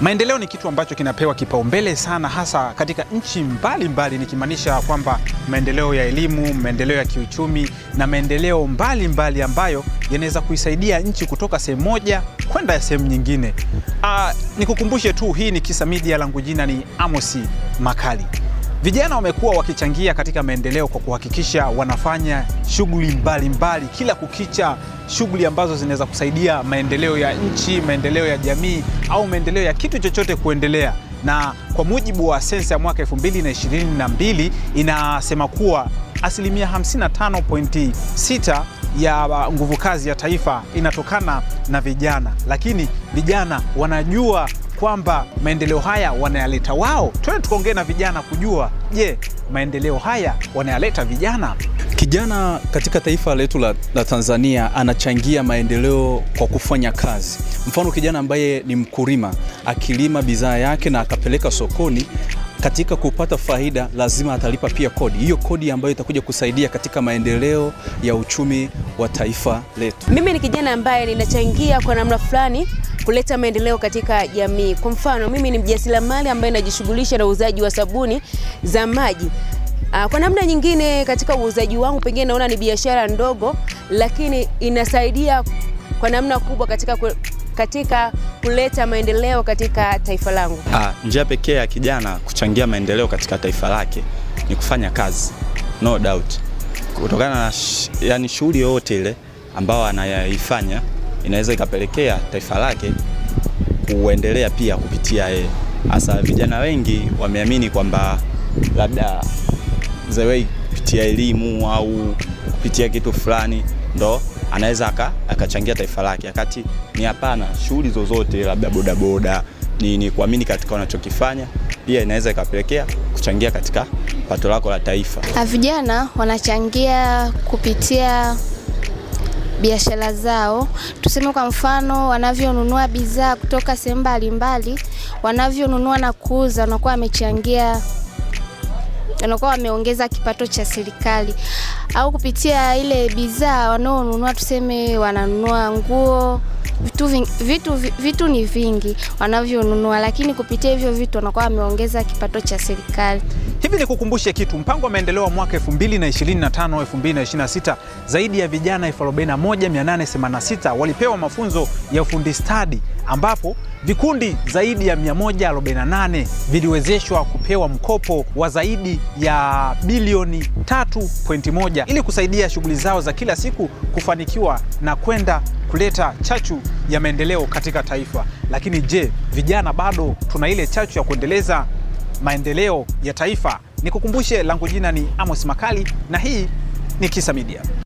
Maendeleo ni kitu ambacho kinapewa kipaumbele sana, hasa katika nchi mbalimbali, nikimaanisha kwamba maendeleo ya elimu, maendeleo ya kiuchumi na maendeleo mbalimbali ambayo yanaweza kuisaidia nchi kutoka sehemu moja kwenda sehemu nyingine. Ah, nikukumbushe tu, hii ni Kisa Media, langu jina ni Amosi Makali. Vijana wamekuwa wakichangia katika maendeleo kwa kuhakikisha wanafanya shughuli mbalimbali kila kukicha, shughuli ambazo zinaweza kusaidia maendeleo ya nchi, maendeleo ya jamii au maendeleo ya kitu chochote kuendelea. Na kwa mujibu wa sensa ya mwaka 2022 inasema kuwa asilimia 55.6 ya nguvu kazi ya taifa inatokana na vijana, lakini vijana wanajua kwamba maendeleo haya wanayaleta wao. Twende tukaongee na vijana kujua, je, maendeleo haya wanayaleta vijana? Kijana katika taifa letu la, la Tanzania anachangia maendeleo kwa kufanya kazi. Mfano kijana ambaye ni mkulima akilima bidhaa yake na akapeleka sokoni, katika kupata faida lazima atalipa pia kodi, hiyo kodi ambayo itakuja kusaidia katika maendeleo ya uchumi wa taifa letu. Mimi ni kijana ambaye ninachangia kwa namna fulani kuleta maendeleo katika jamii. Kwa mfano, mimi ni mjasiriamali ambaye najishughulisha na uuzaji wa sabuni za maji. Ah, kwa namna nyingine, katika uuzaji wangu pengine naona ni biashara ndogo, lakini inasaidia kwa namna kubwa katika katika kuleta maendeleo katika taifa langu? Ah, njia pekee ya kijana kuchangia maendeleo katika taifa lake ni kufanya kazi, no doubt, kutokana na yani shughuli yoyote ile ambayo anayaifanya inaweza ikapelekea taifa lake kuendelea pia kupitia yeye. Hasa vijana wengi wameamini kwamba labda the way kupitia elimu au kupitia kitu fulani ndo anaweza akachangia taifa lake, wakati ni hapana. Shughuli zozote labda bodaboda ni, ni kuamini katika wanachokifanya pia inaweza ikapelekea kuchangia katika pato lako la taifa. Vijana wanachangia kupitia biashara zao, tuseme kwa mfano, wanavyonunua bidhaa kutoka sehemu mbalimbali, wanavyonunua na kuuza, wanakuwa wamechangia wanakuwa wameongeza kipato cha serikali, au kupitia ile bidhaa wanaonunua, tuseme wananunua nguo Vitu, vitu, vitu ni vingi wanavyonunua, lakini kupitia hivyo vitu wanakuwa wameongeza kipato cha serikali. Hivi nikukumbushe kitu, mpango wa maendeleo wa mwaka 2025 2026, zaidi ya vijana 41886 walipewa mafunzo ya ufundi stadi, ambapo vikundi zaidi ya 148 viliwezeshwa kupewa mkopo wa zaidi ya bilioni 3.1 ili kusaidia shughuli zao za kila siku kufanikiwa na kwenda kuleta chachu ya maendeleo katika taifa. Lakini je, vijana bado tuna ile chachu ya kuendeleza maendeleo ya taifa. Nikukumbushe, langu jina ni Amos Makali na hii ni Kisa Media.